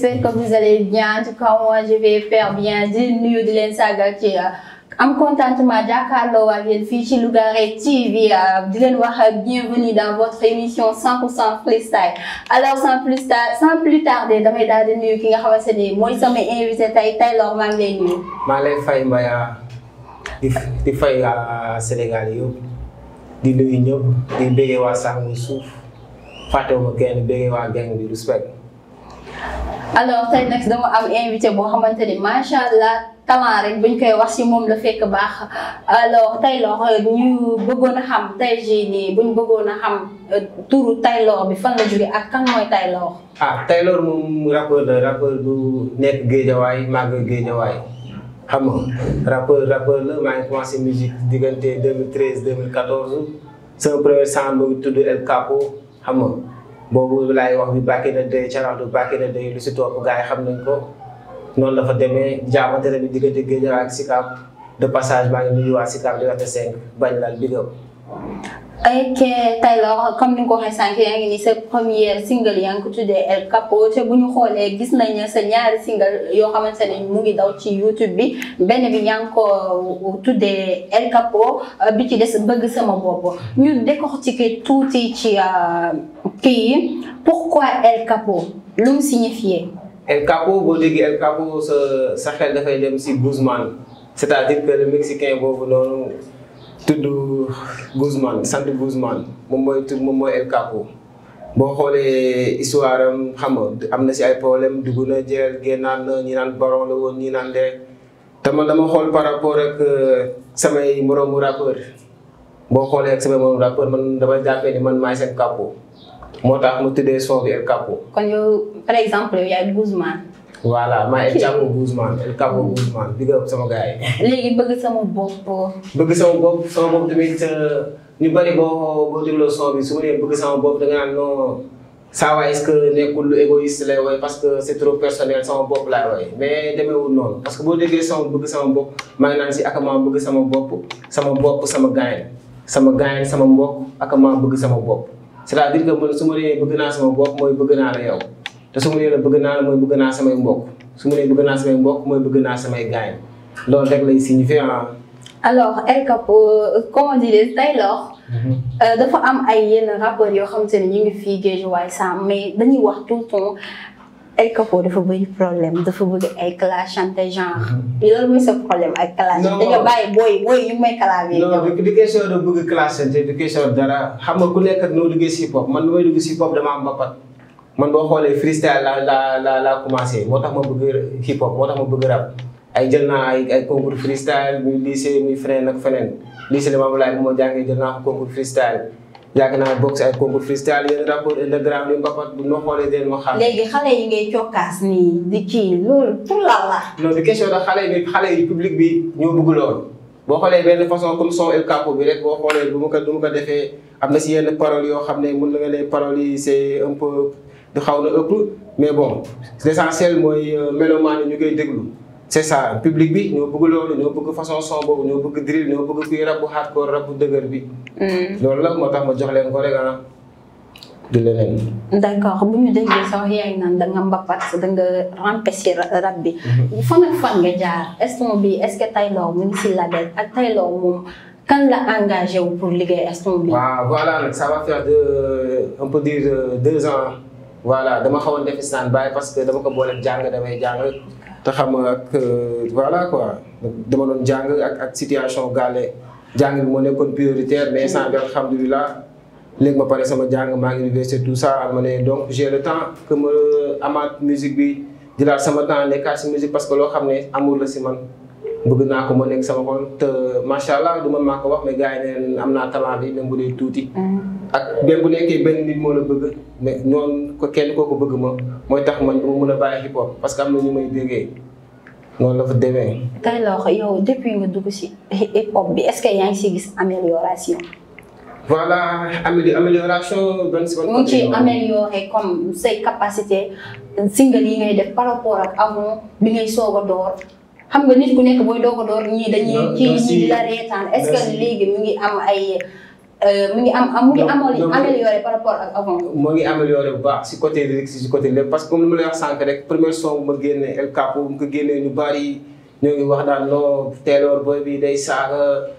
j'espère que vous allez bien. En tout cas, moi, je vais faire bien. di nuyu di leen sagal ci euh, am contentement jàkkaarloo ak yéen fii ci Lougaré TV euh, di leen wax bienvenue dans votre émission 100% freestyle alors sans plus tard sans plus tarder damay daal di nuyu ki nga xamante ne mooy sama invité tey Taylor maa ngi lay nuyu. maa lay fay Mbaya di di fay Sénégal yëpp di nuyu ñëpp di bëggee waa Sàmm Suuf fàttewuma kenn bëggee waa gang bi respect. alors tey nag dama am invité boo xamante ni macha allah talent rek koy wax si moom la fekk baax alors Taylor ñu bëggoon a xam tey jii nii bëggoon a xam euh, turu Taylor bi fan la jóge ak kan mooy Taylor. ah Taylor moom rappeur la rappeur bu nekk géejawaay màgg géejawaay xam nga rappeur la maa ngi commencé musique diggante 2013 2014 sama premier son mu ngi tudd El Capo xam nga. boobu laay wax bi back in the day challenge bi back in lu si topp gars yi xam nañ ko noonu la fa demee jaamante bi diggante Guédiawaye ak Sicap de passage baa ngi nuyu waa Sicap Liberté 5 bañ laal bigam ok Taylor comme ni nga ko waxee sànq yaa ngi ni sa première single yaa ngi ko tuddee El Capo te bu ñu xoolee gis nañu sa ñaari single yoo xamante ne mu ngi daw ci YouTube bi benn bi yaa ngi ko tuddee El Capo euh, bi ci des bëgg sama bopp ñu décortiquer tuuti ci euh, kii pourquoi El Capo lu mu signifié. El Capo boo déggee El Capo sa sa xel dafay dem si Guzmán c'est-à-dire que boobu noonu. tudd Guzman sant Guzman moom mooy tudd moom mooy El Capo boo xoolee histoire am xam nga am na si ay problème duggu na jël génnaan na ñi naan baron la woon ñi naan de te man dama xool par rapport ak euh, samay moroomu rappeur boo xoolee ak samay moroomu rappeur man dama jàppee ni man maay seen Capo moo tax mu tuddee son bi El Capo. kon yow par exemple yow yaay Guzman. voilà maa El Chapo Guzman El Chapo Guzman big sama gars léegi bëgg sama bopp. bëgg sama bopp sama bopp tamit euh, ñu bari boo boo dégloo son bi su ma nee bëgg sama bopp da nga naan non saa waay est-ce que nekkul lu égoïste lay woy parce que c'est trop personnel sama bopp laay woy mais demeewul noonu que boo déggee sama bëgg sama bopp maa ngi naan si ak maa bëgg sama bopp sama bopp sama gars sama gars sama mbokk ak maa bëgg sama bopp c'est-à-dire que man su ma nee bëgg naa sama bopp mooy bëgg naa la yow. te su ma nee bëgg naa la mooy bëgg naa samay mbokk su ma nee bëgg naa samay mbokk mooy bëgg naa samay gaañ loolu rek lay signifié ah. alors El Capo comment dirais-je Taylor mhm. euh, dafa am ay yenn rappeurs yoo xamante ne ñu ngi fii Guédiawaye sam mais dañuy wax tout le temps El Capo dafa bëri problème dafa bëgg ay clashante genre mhm. loolu mooy sa problème ak clash dañoo bàyyi booy booy ñu may clavier non du question de bëgg clashante du question dara xam nga ku nekk ak noo man lu may si hip hop dama am ko man boo xoolee freestyle la la la la commencé moo tax ma bëgg hip hop moo tax ma bëgg rap ay jël naa ay ay concours freestyle muy lycée muy feneen ak feneen lycée Limamoulaye bi moo jàngee jël naa ko concours freestyle yàgg naa boxe ay concours freestyle yenn rapport underground yi mbapat bu ma xoolee deen ma xam. léegi xale yi ngay cokkaas nii di kii loolu pour la la. non du question da xale yi xale yi public bi ñoo bëgg loolu boo xoolee benn façon comme son El Capo bi rek boo xoolee bu ma ko bu ma ko defee am na si yenn paroles yoo xam ne mën na nga ne paroles yi c'est un peu. du xawna na ëpp mais bon l'essentiel mooy euh, mélomane yi ñu koy déglu c'est ça public bi ñoo bëgg loolu ñoo bëgg façon son boobu ñoo bëgg drill ñoo bëgg kuy rabu hardcore rabu dëgër bi hmm. loolu la motax ma jox leen ko rek ah du leneen d'accord bu ñu déggee sax yaay naan da nga mbapat da nga rampéci rab bi mm-hmm. fan ak fan nga jaar instant bi est-ce que Taylor mu ngi si label ak Taylor moom kan la engagé wu pour liggéey instant bi waaw voilà nag ça va faire de un euh, peu dire euh, deux ans voilà dama xawon def islam baye parce que dama ko bolé jang damay jang ta xam ak voilà quoi dama don jang ak ak situation galé jang mo nekkon prioritaire mais sans bien alhamdoulillah leg ma paré sama jang ma ngi université tout ça amone donc j'ai le temps que me amat musique bi dilat sama temps les cas musique parce que lo xamné amour la ci si man bëgg naa ko moo ne sama xol te macha allah du man maa wax mais gars yi neen am naa talent bi même bu dee tuuti. Mm-hmm. ak même bu nekkee benn nit moo la bëgg mais ñoon ko koo ko bëgg ma mooy tax man du ma a bàyyi hip hop parce que am na ñu may déggee noonu la fa demee. kay la wax yow depuis nga dugg si hip hop bi est que yaa ngi si gis amélioration. voilà amé amélioration benn si ban. mu ci amélioré comme say yi ngay def par rapport ak avant bi ngay a door. xam nga nit ku nekk booy doog a door ñii dañuy kii ñii di la reetaan est-ce que mu ngi am ay euh, mu ngi am mu ngi amélioré par rapport ak avant. mu ngi amélioré bu baax si côté lyrics si côté lépp parce que comme li ma lay wax rek première son bu ma génnee El Capo bu ma ko génnee ñu bari ñoo ngi wax daal non teeloor booy day saaga.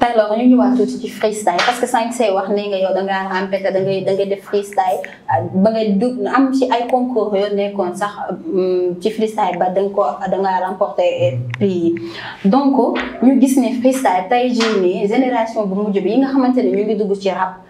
Taylor ñu wax tuuti ci freestyle parce que sànq say wax ne nga yow da ngaa rampé te da ngay da ngay def freestyle ba nga dugg am ci ay concours yoo nekkoon sax ci freestyle ba da ko da ngaa remporté prix yi. donc ñu gis ne freestyle tey jii nii génération bu mujj bi yi nga xamante ne ñu ngi dugg ci rap.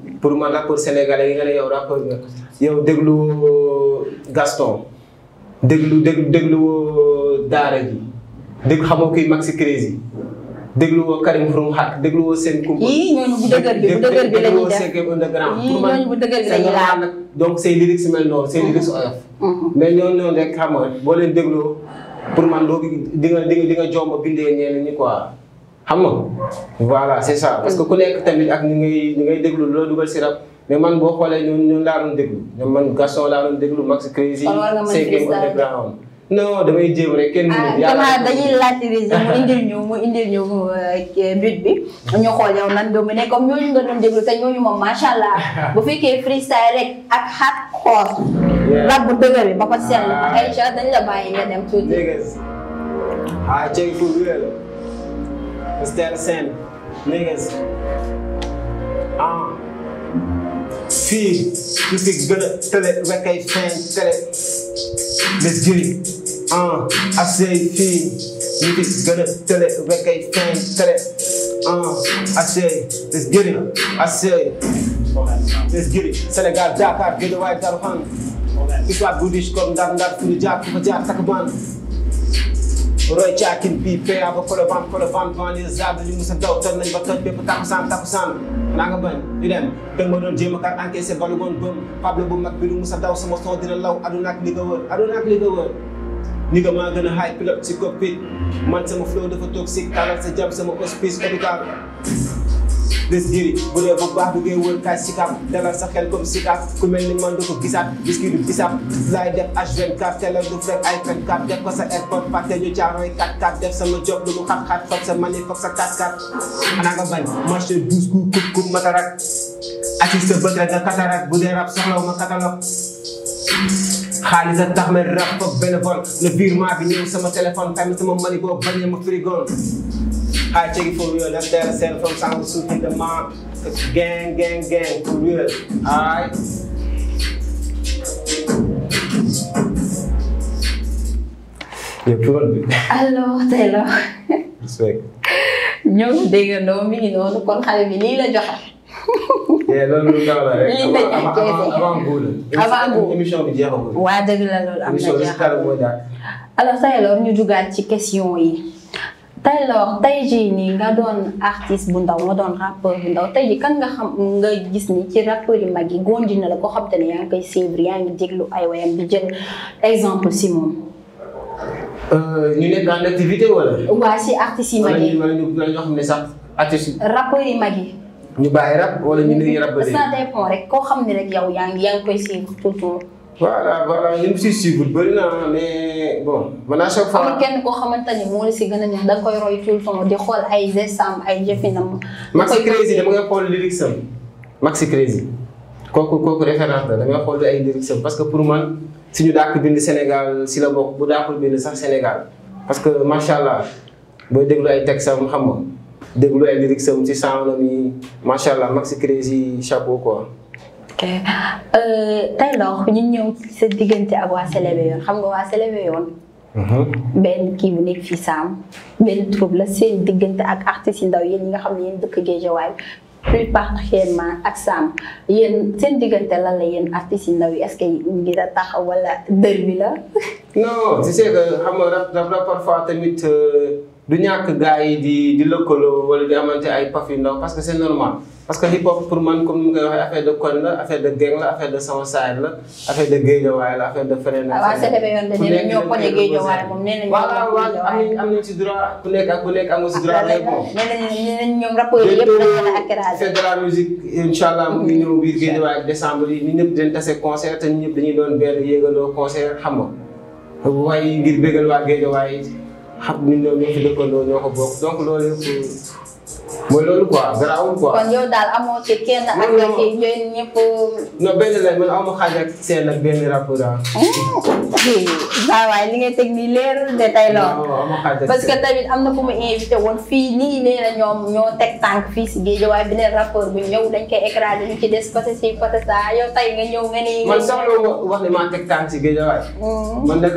pour man rappeur sénégalais yi nga ne yow rappeur nga yow déglu euh, Gaston déglu déglu déglu euh, Daara ji déglu xamoo kuy Maxi Crazy déglu woo euh, Karim Xurum Xaq déglu woo seen kumpa. bu dëgër bi bu dëgër bi la ñuy def déglu woo underground. donc say lyrics mel noonu say lyrics oyof. Mm-hmm. mais ñooñu noonu rek xam nga boo leen dégloo pour man doo di nga di nga di bindee ñeneen ñi quoi. xam nga voilà c'est ça parce que ku nekk tamit ak ñu ngay ñu ngay loo dugal si rab mais man boo xoolee ñun ñun laa doon déglu man Gaston laa doon déglu Max Crazy Seck on the ground non damay jéem rek kenn ah, dañuy laatiriser mu indil ñu mu indil ñu euh, bi ñu xool yow nan doomu ne comme ñooñu nga doon déglu te ñooñu moom macha allah bu fekkee freestyle rek ak hardcore rab bu dëgër ba ko seetlu ma ay dañ la bàyyi nga dem tuuti instead of saying niggas, um, fii ñu fi gën a tële ah asey fii ñu fi gën a tële ah asey les giri asey les giri Sénégal Dakar Guédiawaye Darou Khane histoire bu riche comme ndar ndar fu ñu jaar baan roy caakin bii PA ba Colobane Colobane banlieue zabe ñu musa daw tër nañ ba toj bépp takusaan takusaan naa nga bañ di dem dëgg ma doon jéem a kar encaissé balugoon bëm Pablo bu mag bi du musa daw sama son law aduna ak li ni nga maa gën a high pilote ci cockpit man sama flow dafa toxique talal sa jam sama hospice hôpital des jëri bu dee ba baax du ngay wër kaay sikap dalal sa xel comme sikap ku mel ni man du ko gisaat gis ki du gisaat laay def h du fekk ay fenkat def ko sa airport parte ñu caaroy 4-4 def sama job lu mu xat-xat sa mani foog sa 4-4 xanaa nga bañ bu dee rab soxlaw ma a tax ma rab foog bénévole le virement bi ñëw sama téléphone tamit sama mani boobu bañee ma frigol I take it for real. That's that I said from time to hit the mom. Gang, gang, gang, for real. Alright? yow tural bi. allo Taylor. respect. ñoo ngi déggandoo mi ngi noonu kon xale bi lii la joxe. loolu lu taw la rek. lii la avant avant avant émission bi jeexagul. waa dëgg la loolu am na jeexagul émission bi alors Taylor ñu dugaat ci question yi. Taylor tay ji nii nga doon artiste bu ndaw nga doon rappeur bu ndaw tey jii kan nga xam nga gis ni ci rappeur yi mag yi gondi na la ko xam te ne yaa ngi koy suivre yaa ngi déglu ay wayam bi jël exemple si moom. Euh, ñu nekk en activité wala. waa si artistes yi mag yi ñoo xam ne sax artistes yi. yi mag yi. ñu bàyyi rap wala ñu nuyu rap ba léegi. ça dépend rek koo xam ne rek yow yaa ngi yaa ngi koy suivre tout le voilà voilà ñu ngi siy suivre bëri na mais bon. man à chaque fois amul kenn koo xamante ni moo la si gën a neex da koy roy tout le temps di xool ay gestam ay jëfinam. Maxi Crazy dama ngay xool lyrics am Maxi Crazy kooku kooku référence la damay xool ay lyrics am parce que pour man suñu dàq bind Sénégal si la bokk bu dàqul bind sax Sénégal parce que macha allah boo déglu ay textes am xam nga déglu ay lyrics am si sound am yi macha allah Maxi Crazy chapeau quoi. ok euh, tey loo ñu ñëw se diggante ak waa Selebe yoon xam nga waa Selebe yoon. Mhm. benn kii bu nekk fii Saam benn troupe la seen diggante ak artistes yi ndaw yéen ñi nga xam ne yéen dëkk Géejawaay plus particulièrement ak Saam yéen seen diggante lan la yéen artistes yi ndaw yi est que ñu ngi tax wala dër bi la. non tu sais que xam parfois tamit euh, du ñàkk gars di di lëkkaloo di amante ay paf yu ndaw parce que c'est normal. parce que hip hop pour man comme ni mu koy waxee affaire de koñ la la affaire de sama saay la affaire de géejawaay la affaire la. Ah, waaw sëñ bi yoon de nee na ñoo poñe géejawaay moom nee na ñoo poñe géejawaay am nañ la musique incha allah mu ngi ñëw biir géejawaay ak décembre yi ñun ñëpp dinañ tase concert te ñun doon benn yéegaloo concert xam waaye ngir bégal waa géejawaay xam ñun ñoo fi dëkkandoo ñoo ko bokk mooy loolu quoi garaawul quoi. kon yow daal amoo ci kenn ak ci ñoom ñëpp. non benn la man amu xaaj ak seen ak benn rapport ah. nii leerul de tey lool. parce que tamit am na ku mu invité woon fii nii nee ñoom ñoo teg tànk fii si géej waaye beneen rapport bi ñëw dañ koy écraser ñu ci des côté si côté saa yow tey nga ñëw nga ni. man sax loolu wax ne maa teg tànk si géej waaye. man nag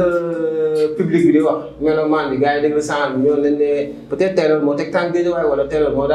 public bi di wax melomaan bi gars yi dañu la sànq ñoo leen ne peut moo teg tànk géej waaye wala tey loolu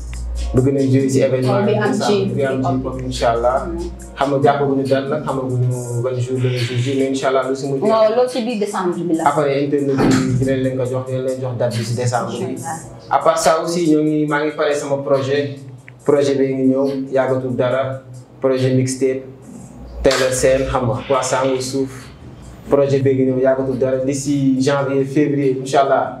bëgg nañ jouer si événement bi am ci bi am ci bopp incha allah xam nga jàppaguñu dal nag xamaguñu ban jour allah lu si mujj. waaw loolu si bi la. après internet bi dinañ leen ko jox dinañ leen jox date bi si décembre bi. à aussi ñoo ngi maa ngi pare sama projet projet bi ngi ñëw yàggatul dara projet mixtape teel seen xam nga poisson suuf projet bi ngi ñëw yàggatul dara d'ici janvier février incha allah.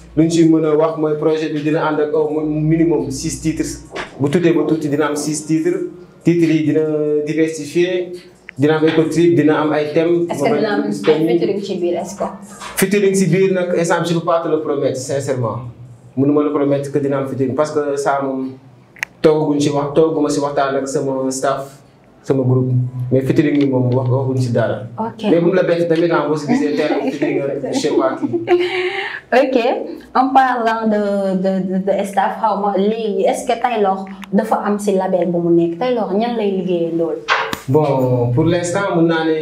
lu ci si mën a wax mooy projet bi dina ànd ak au minimum 6 titres bu tuddee ba tuuti dina am 6 titres titres yi dina diversifier dina am écotrip dina am ay thèmes. est-ce que dina am ay featuring ci biir est-ce que. featuring si biir nag exemple je ne peux pas te le promettre sincèrement mënuma le promettre que dina am featuring parce que ça moom toogaguñ ci wax toogaguma si waxtaan ak sama staff sama groupe mais featuring ni moom wax waxuñ si dara. ok mais bu la bett tamit ah boo si gisee teel a featuring je sais pas kii. ok en parlant de de de, de staff xaw ma léegi est ce que Taylor dafa am si label bu mu nekk Taylor ñan lay liggéeyee lool. bon pour l' instant mun naa ne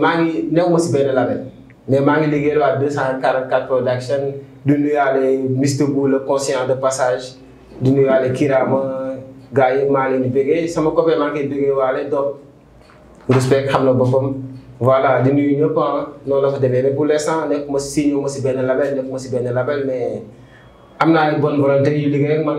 maa ngi néew ma si benn label mais maa ngi liggéey waa 244 production du nuyaale Mister Bou le conscient de passage du nuyaale Kirama. gars yi maa leen di bëggee sama copain maa ngi koy waale donc respect xam na boppam voilà di nuyu ñëpp ah noonu la fa demee mais pour l'instant nekk ma si signé ma si benn label nekk ma si benn label mais am naa ay bonne volonté yu liggéey ak man.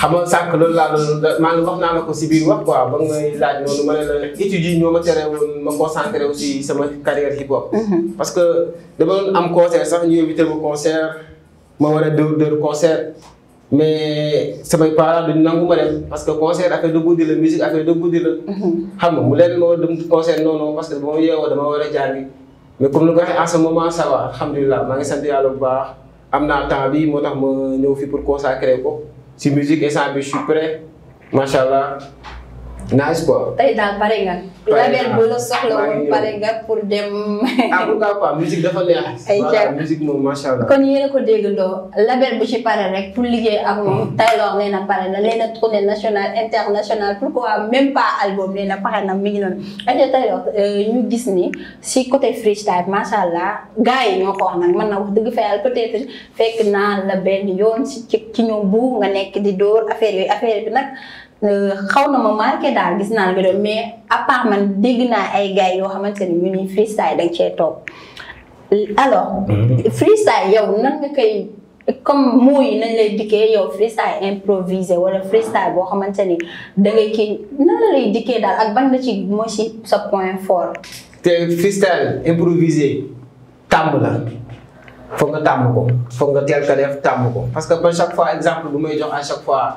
xam nga sànq loolu laa doon maa la ko si biir wax quoi ba ngay laaj noonu ma ma tere woon ma concentré wu mhm. parce que dama am concert sax ñu invité ma ma a dër dër mais samay parents duñ nangu parce que concert affaire de guddi la musique affaire de guddi la. Mhm. xam nga ma war a parce que bu ma yeewoo war a jàngi. mais comme ni ko waxee en ce maa ngi sant yàlla bu baax naa temps bi moo tax ma ñëw fi pour consacrer ko. si musique instant bi je suis macha allah nice quoi. tey daal pare nga. label bu la soxla woon pare nga pour dem. ah bu kaa quoi musique dafa ay ca kon yéen a ko déggandoo label bu ci pare rek pour liggéey am moom. Taylor nee na pare na nee na nationale internationale pourquoi même pas album nee na na mi ngi noonu. ayca Taylor ñu gis ni si côté freestyle macha allah gars yi ñoo ko wax nag man na wax dëgg fa yàlla peut-être fekk naa la benn yoon si ci ñoom bu nga nekk di dóor affaire yooyu affaire bi nag. xaw na ma marqué dal gis naa la mais à part man dégg naa ay gars yo xamanteni ni ñu ni freestyle da nga top alors. Mm-hmm. freestyle yow nan nga kay comme mots yi nañ lay diké yow freestyle improvisé wala freestyle bo xamanteni ni da ngay kii nan lay diké dal ak ban la ci moo ci sa point fort. te freestyle improvisé tàmb la. foog nga tàmm ko foog nga tel ka def tàmm ko parce que ba chaque fois exemple bu may jox à chaque fois.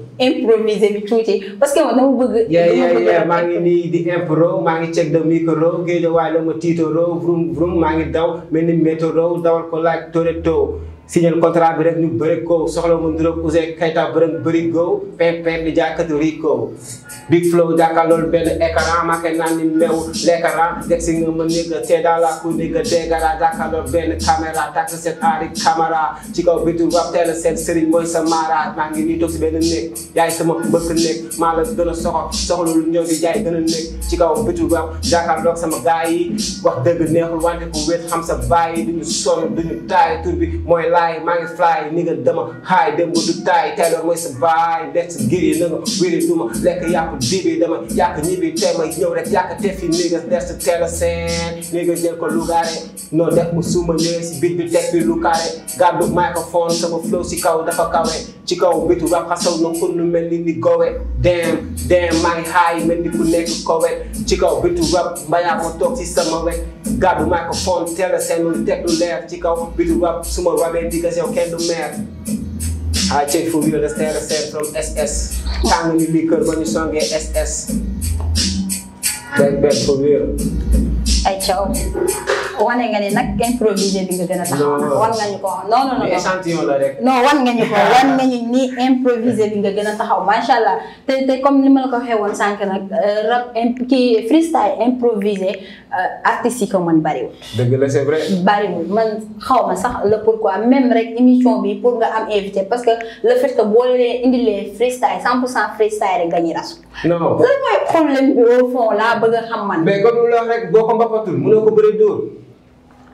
improviser bi tuuti parce que man dama bëgg. yaa yaa yaa maa ngi nii di impro maa ngi ceg de micro géej waaye la ma tiito vroom vroom maa ngi daw mel ni météo dawal ko laaj toreto. signal contrat bi rek ñu bëri ko soxla mu nduróog Ouzin Keita bërëm bëri go pepep di jàkkatu rico big flow jàkkaar loolu benn écran maake naan ni meew l'écran deg si nga ma nigga tee dans la cour nigga dégara jàkkaar loolu benn caméra takk seen aari caméra ci a sa maara maa ngi nii toog si benn néeg yaay sama bëkk néeg maa la a soxo soxlu ñëw di jaay gën a néeg ci kaw bitu rab jàkkaar loog sama gaay wax dëgg neexul wante ku wéet xam sa baay yi duñu sonn duñu taay tur mooy la fly maa ngi fly nigga dama xaay dem ba du taay Taylor mooy sa baay nekk si giri na nga wéri duma lekk yàpp dibi dama yàq ñibi tey ma ñëw rek yàq tefi nigga der si teel seen nigga jël ko lugaare non def mu suma ñëwee bit bi teg bi lu kaare gàddu microphone sama flow si kaw dafa kawe ci kaw bitu rap xasaw na ko nu mel ni ni gowe dem dem maa ngi xaay mel ni ku nekk kowe ci kaw bitu rap ba ma toog si sama wet gàddu microphone teel a seen teg lu leer ci kaw bitu rab su ma rabee di gas yow kenn du meer. I check for you the stare stare SS. tàng ñu lii ba ñu songee SS. back back for real. ay caw. wane nga ni nag improvisé bi nga gën a taxaw wan nga ñu ko non non non échantillon la rek non wan nga ñu ko wan nga ñu ni improvisé bi nga gën a taxaw macha allah te te comme ni ma la ko waxee woon sànq nag euh, rap kii freestyle improvisé euh, artistes yi ko mën bariwul. dëgg la c'est vrai. bariwul man xaw ma sax le pourquoi même rek émission bi pour nga am invité parce que le fait que boo leen indilee freestyle 100 pour cent freestyle rek nga ñuy rasu. non non lan mooy problème bi au fond laa bëgg a xam man. mais comme lu la wax rek boo ko mbapatul mënoo ko bëri dóor.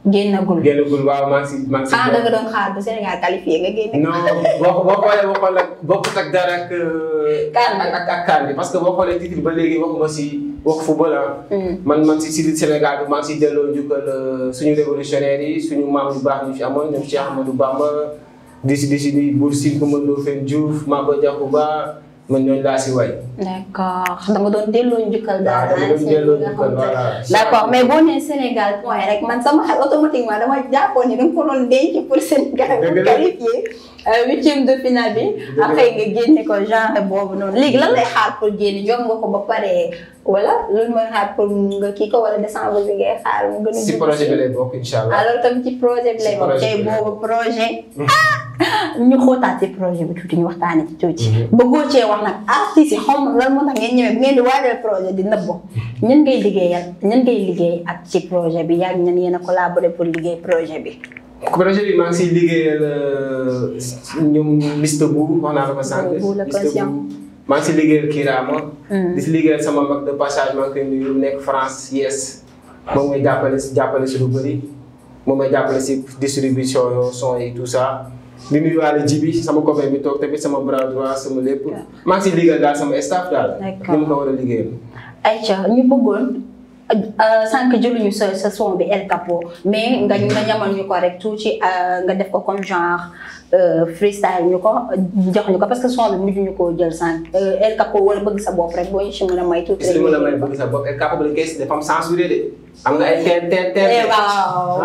génnagul génnagul waaw maa ngi si maa si. ah da nga doon xaar ba Sénégal qualifié nga génne. non boo boo xoolee boo xoolee euh, parce que boo xoolee titre ba léegi waxuma si wax football ah. Hmm. man man si si Sénégal bi maa ngi si delloo euh, suñu révolutionnaire yi suñu maam yu baax ñu fi amoon ñoom Cheikh Amadou Bamba di si di si di Bour Sine Coumba Ndoffène Diouf Maba Diakhou Ba. man ñooñu laa si way. d' accord da nga doon delloo njukkal daal. waaw da nga doon delloo njukkal voilà. d' accord mais boo nee Sénégal point rek man sama xel automatiquement dama jàppoon ni da nga ko doon denc pour Sénégal. dëgg qualifié euh, huitième de finale bi. après nga génne ko genre boobu noonu. léegi lan lay xaar pour génne jom nga ko ba pare. wala loolu mooy xaar pour nga kii ko wala désenvolver ngay xaar mu gën a. si projet hmm. ah! hmm. bi lay bokk incha allah alors tam ci projet bi lay bokk tey boobu projet. ñu xóotaat ci projet bi tuuti ñu waxtaanee ci tuuti. bëggoo cee wax nag ah si si xaw ma lan moo tax ngeen ñëwee bu ngeen di waajal projet di nëbbo. ñan ngay liggéeyal ñan ngay liggéey ak ci projet bi yaa ngi ñan yéen a collaborer pour liggéey projet bi. projet bi maa ngi siy liggéeyal ñoom liste bu wax naa la ko sànq. liste bu maa ngi si liggéeyal Kirama. Mm. di si liggéeyal sama mag de passage maa ngi koy nuyu nekk France yes moom mooy jàppale si jàppale si lu bëri moom mooy jàppale si distribution yoo son yi tout ça. di nuyuwaale ji bi sama copain bi toog tamit sama bras droit sama lépp. maa ngi si liggéeyal daal sama staff daal. d'accord ni mu war a liggéeyal. Aïcha ñu bëggoon. Ah, ah, sànq jëluñu sa sa son bi El Capo mais nga nga ñamal ñu ko rek tuuti ah, nga def ko comme genre euh, freestyle ñu ko jox ñu ko parce que son bi mujj ñu koo jël sànq euh, El Capo wala bëgg sa bopp rek boo ñu si mën a may a teer teer teer. waaw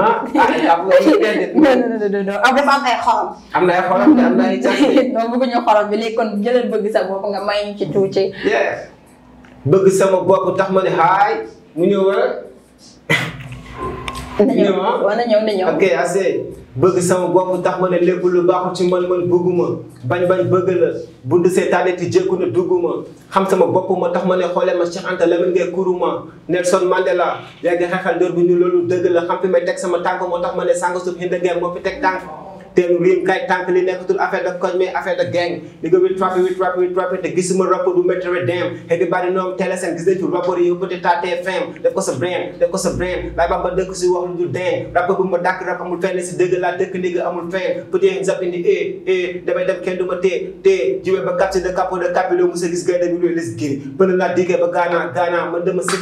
am dafa am xorom. am na ay xorom am na ay jafe. non bëgguñu xorom bi léegi kon jëlal bëgg sa bopp nga may ñu ci tuuti. bëgg sama bopp tax ma ne haay. mu ñëw wala. mu ñëw ah war na ñëw na ñëw. ok assez bëgg sama bopp tax ma ne lépp lu baaxul ci man man bëgguma bañ bañ bëgg la bunt seetaane ti jékku na dugguma xam sama bopp ma tax ma ne xoolee ma Cheikh Anta Lamine Gueye kuruma Nelson Mandela yaa ngi xeexal ndóor bu ñu loolu dëgg la xam fi may teg sama tànk moo tax ma ne sànq suuf Hinde Gueye moo fi teg tànk. teelu riim kay tànk li nekkatul affaire de koñ mais affaire de gang li nga wit trappi wit trappi wit trappi te gisuma rapport bu dem xëy bari noom télé seen gis nañ fi rapport yi peut-être taatee fm def ko sa brain def ko sa brain ba ba dëkk si wax lu dul deen rapport bu ma dàkk rap amul fenn si dëgg laa dëkk ndigg amul fenn peut-être zap indi e e damay dem kenn du ma tee tee jiwee ba capté de capo de capillo mu sa gis gaynde bi luy les giri bëna laa diggee ba gaanaa gaanaa man dama sib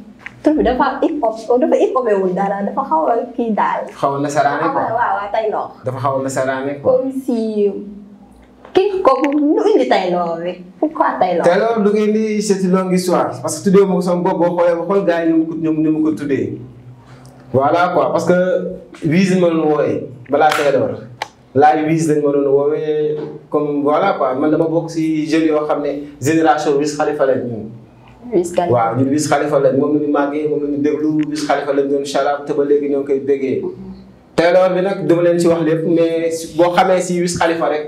tur bi dafa hip hop dafa hip hopewul dara dafa xaw a kii daal. xaw a nasaraane quoi waaw Taylor. dafa xaw a nasaraane quoi. comme si kii kooku nu indi Taylor bi pourquoi Taylor. Taylor du ngi indi c'est une histoire parce que tuddee moom sama bopp boo xoolee ba xool gars yi ni mu ni mu ko parce que Wiz ma doon woowee balaa Taylor laay Wiz lañ ma doon comme voilà quoi man dama bokk si yoo xam ne génération Wiz Khalifa lañ ñun. wis Khalifa waaw ñun wis Khalifa lañ moom la ñu màggee moom la ñu déglu wis Khalifa lañ doon chalaat te ba léegi ñoo koy déggee. Mm-hmm. teeloor bi nag dama leen ci wax lépp mais boo xamee si wis Khalifa rek.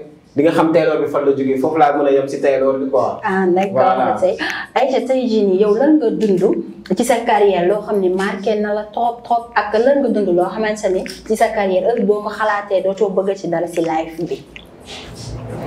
xam taylor bi fan la jógee foofu laa mën a yem si taylor bi quoi. Ah, tey jii nii yow lan nga dund ci sa carrière loo xam ne marqué na la trop trop ak lan nga dund loo xamante ne ci sa carrière heure boo ko xalaatee dootoo bëgg ci dara si life bi.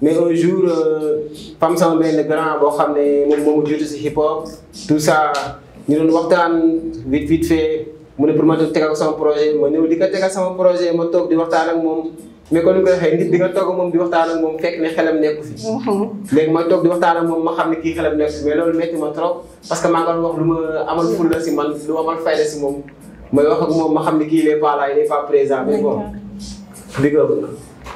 mais un jour fam sama ben grand bo xamné mom momu jottu ci hip hop tout ça ñu doon waxtaan vite vite fait mu ne pour ma tok tégal sama projet mo ñeu di ka tégal sama projet ma tok di waxtaan ak mom mais ko ñu ko waxe nit di nga tok mom di waxtaan ak mom fekk ni xelam nekk fi légui ma tok di waxtaan ak mom ma xamni ki xelam nekk mais lolu metti ma trop parce que ma nga wax luma amal ful la ci man lu amal fayda ci mom may wax ak mom ma xamni ki il est pas là il est pas présent mais bon digal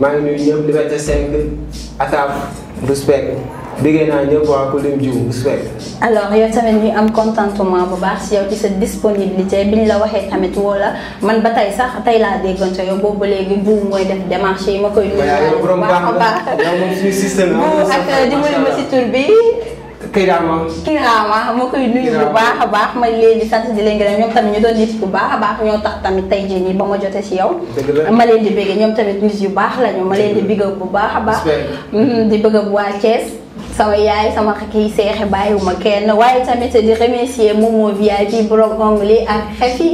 maa ngi nuyu ñëpp Liberté 5 Atab respect déggee naa ñëpp waa Kulim Diouf respect. alors yow tamit ñu am contentement bu baax si yow ci sa disponibilité bi ñu la waxee tamit wala man ba tey sax tey laa déggante yow boobu léegi bu mooy def démarche yi ma koy. nuyu bu baax a baax yow moom suñu système la. ak dimbali ma si tur bi. Kayrama. Kayrama ma koy nuyu bu baax a baax ma leen di sant di leen gërëm ñoom tamit ñu doon nit bu baax a baax ñoo tax tamit tey jii nii ba ma jotee si yow. ma leen di bëggee ñoom tamit nit yu baax lañu ma leen di bëgg bu baax a baax. di bëgg waa Thiès. sama yaay sama kii seexe bàyyiwuma kenn waaye tamit di remercier Momo VIP borom ongli ak xefi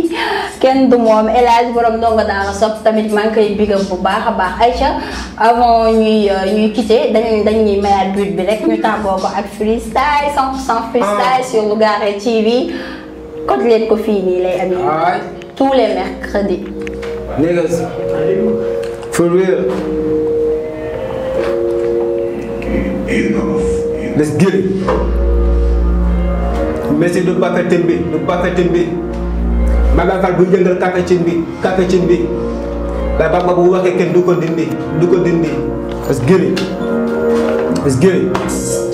kenn du moom El borom ndongo daara sopp tamit maa ngi koy bigam bu baax a baax Aïcha avant ñuy euh, ñuy quitter dañ dañuy mayaat but bi rek ñu tàmboo ko ak freestyle 100% freestyle ah. sur Lougaré TV code leen ko fii nii lay amee tous les mercredis. Niggas, for real. Let's get it. Messi du Mbappé team bi du Mbappé team bi Babacar buy jëngal Kapécin bi Kapécin bi waaye Bamba bu waxee kenn du ko dindi du ko dindi. Let's get it. Let's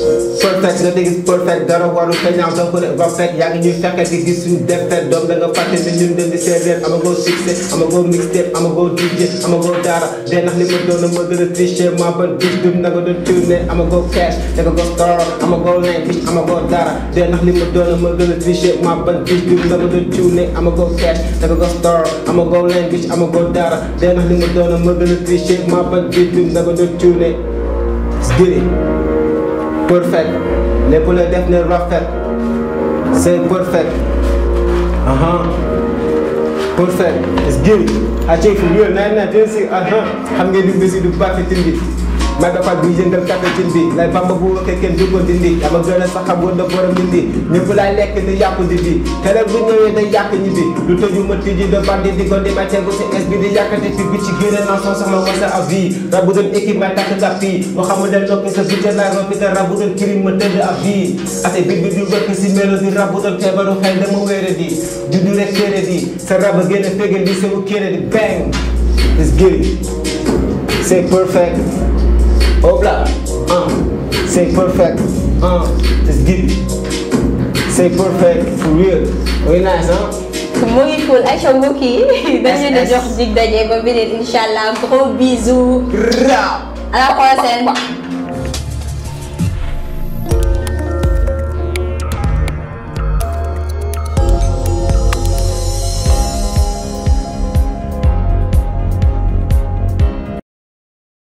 perfect nga di gis perfect dara waru peñaaw donc ne rafet yaa ngi ñuy fexe di gis suñu defet doom da nga fàtte ni ñun dañ di séeréer amagoo succès amagoo mixtape amagoo DJ amagoo dara dee nax li ma doon ma gën a triché maa ban bis dum naka doon tourné amagoo cash daga go store amagoo lay bis amagoo dara dee nax li ma doon ma gën a triché maa ban bis dum naka doon tourné amagoo cash daga go store amagoo lay bis amagoo dara dee nax li ma doon ma gën a triché maa ban bis dum naka doon tourné Let's get it. perfect lépp la def ne rafet c'est perfect aha perfect it's good achieve real nine na twenty six aha xam ngeen di musique du bàtt ci Mbaye Ba Fall bi yëngal bi lay bamba bu waxee kenn du ko dindi ama gën a sax wër na borom dindi ñëpp laay lekk ni yàqu di bi keneen bu ñëwee day yàq ñi bi du tëju tijji de bandi di ko dimateegu si es bi di yàkkate bi ci génne non son sama wasa a vie rabu doon équipe takk nga fii moo xamul del noppi sa budde lay noppi te rabu doon ma tëdd a vie ate bi bi du bëkk si melo di rabu doon feebaru xel dama wéere di juddu rek téere Hop là. Un. C'est perfect. Un. good. C'est perfect. For real. Very nice, hein? Moi Aïcha Mouki. de Daniel. Gros bisous. À la prochaine.